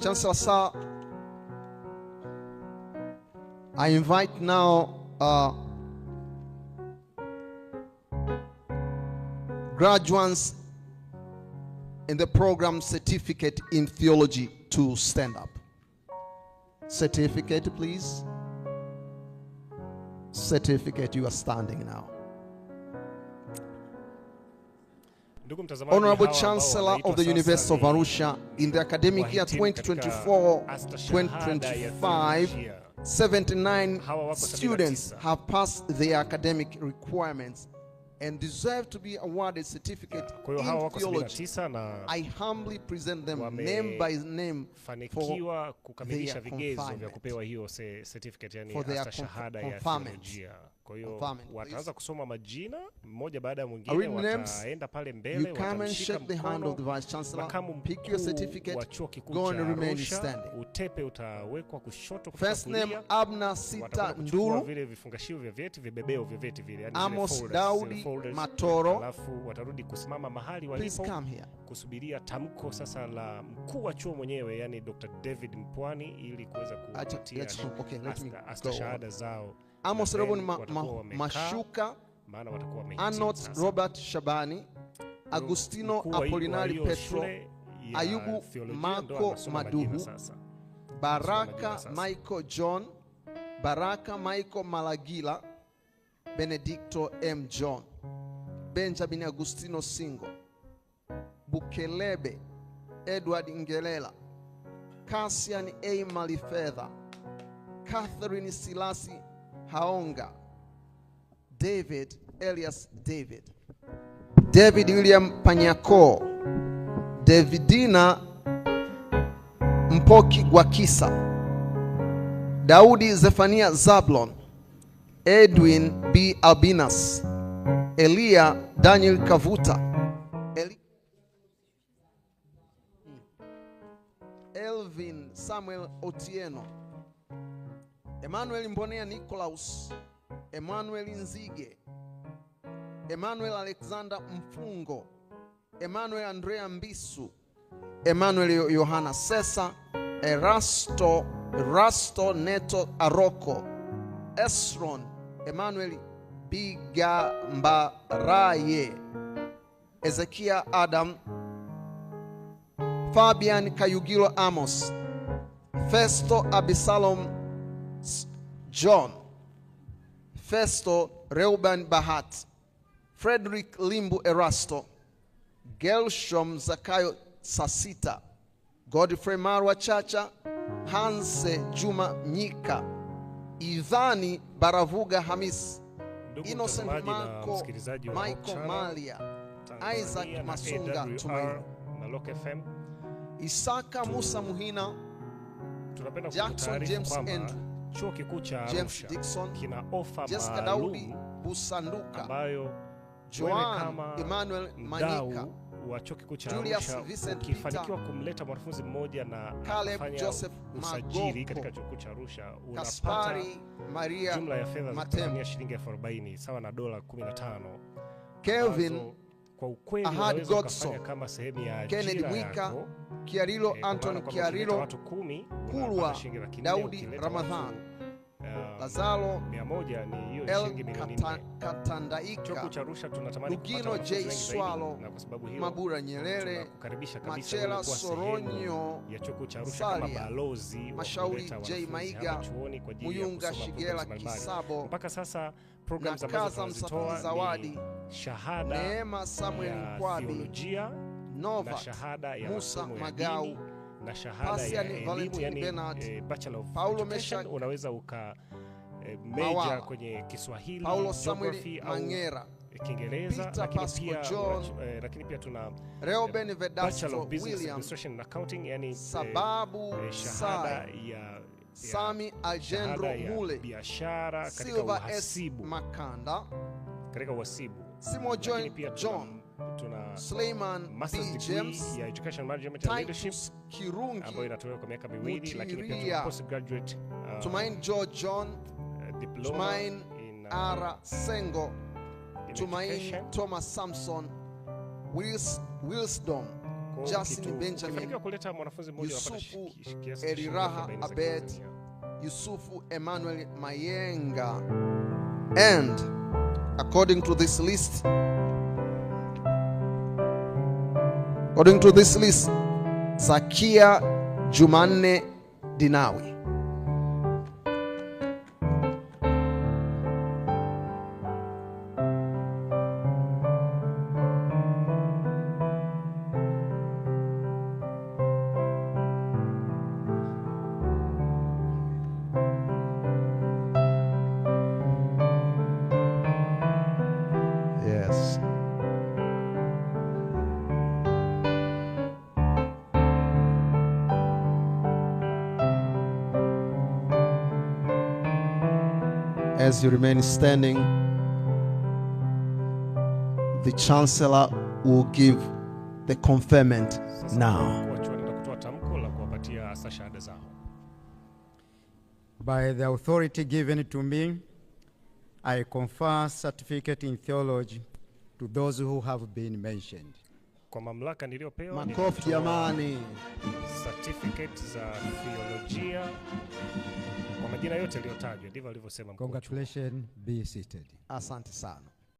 Chancellor Sir, I invite now uh, graduates in the program certificate in theology to stand up. Certificate, please. Certificate, you are standing now. Honorable Chancellor of the University of Arusha in the academic year 2024-2025 79 students have passed their academic requirements and deserve to be awarded certificate yeah, in theology. I humbly present them name by name for their conferment. For their conferment. Kwa hiyo wataanza kusoma majina mmoja baada ya mwingine, wataenda pale mbele, watamshika wa chuo kikuu cha Arusha, utepe utawekwa kushoto kulia, watakuja kuchukua vile vifungashio vya vyeti, vibebeo vya vyeti vile, yani Amos Daudi Matoro, alafu watarudi kusimama mahali walipo kusubiria tamko sasa la mkuu wa chuo mwenyewe, yani Dr. David Mpwani, ili kuweza kupatia okay, astashahada zao. Amos Robin ma, ma, Mashuka, Arnold Robert Shabani, Agustino Apolinari Petro, Ayubu Marco Maduhu, Baraka Michael John, Baraka Michael Malagila, Benedicto M John, Benjamin Agustino Singo, Bukelebe Edward Ngelela, Cassian A Malifeather, Catherine Silasi Haonga, David Elias David, David William Panyako, Davidina Mpoki Gwakisa, Daudi Zefania Zablon, Edwin B Albinas, Elia Daniel Kavuta, hmm. Elvin Samuel Otieno Emmanuel Mbonea Nicolaus, Emmanuel Nzige, Emmanuel Alexander Mfungo, Emmanuel Andrea Mbisu, Emmanuel Yohana Sesa, Erasto, Erasto Neto Aroko, Esron, Emmanuel Bigambaraye, Ezekia Adam, Fabian Kayugilo Amos, Festo Abisalom John Festo Reuben bahat Frederick Limbu Erasto, Gelshom Zakayo Sasita, Godfrey Marwa Chacha, Hanse Juma nyika Idhani Baravuga Hamis, Innocent Marco, Michael Malia, Isaac Masunga FM. Isaka Musa Muhina, Jackson James Andrew Chuo Kikuu cha Arusha kina ofa maalum Busanduka, ambayo Joan kama Emmanuel Manyika wa Chuo Kikuu cha Arusha ukifanikiwa kumleta mwanafunzi mmoja na kufanya usajili katika Chuo Kikuu cha Arusha unapata Maria jumla ya fedha za shilingi elfu arobaini sawa na dola 15. Kelvin kwa ukweli Ahad Godson kama sehemu ya Kennedy Mwika eh, Kiarilo Anton Kiarilo Kulwa Daudi Ramadhani Um, Lazaro Katandaika, Lugino J. Swalo, Mabura Nyerere, Machela Soronyo, Salia Mashauri J. Maiga, Muyunga Shigela Kisabo, na Kaza Msafiri Zawadi, Neema Samuel Mkwabi, Nova Musa Magau na mm. shahada ya elimu yani, e, Bachelor of Paulo Education unaweza uka e, major kwenye Kiswahili, Paulo Samuel Mangera eh, Kiingereza, lakini pia lakini pia tuna Reuben Vedasto of Business William, Administration and Accounting yani sababu e, shahada sai, ya Sami Algendro Mule biashara katika Silva uhasibu Makanda katika uhasibu Simo John tuna uh, Sleiman B. James, ya Education Management and Leadership Kirungi ambayo inatolewa kwa miaka miwili, lakini pia tuna postgraduate uh, Tumain George John, uh, diploma Tumain in, uh, Ara Sengo, Tumain Thomas Samson, Wils, Wilsdom Justin Benjamin, Yusufu Eriraha Abed, Yusufu Emmanuel Mayenga and according to this list According to this list, Zakia Jumanne Dinawi as you remain standing, the chancellor will give the conferment now. By the authority given to me, I confer certificate in theology to those who have been mentioned. makofi jamani! Certificate za theology majina yote yaliyotajwa ndivyo alivyosema. Congratulations, be seated. Asante sana.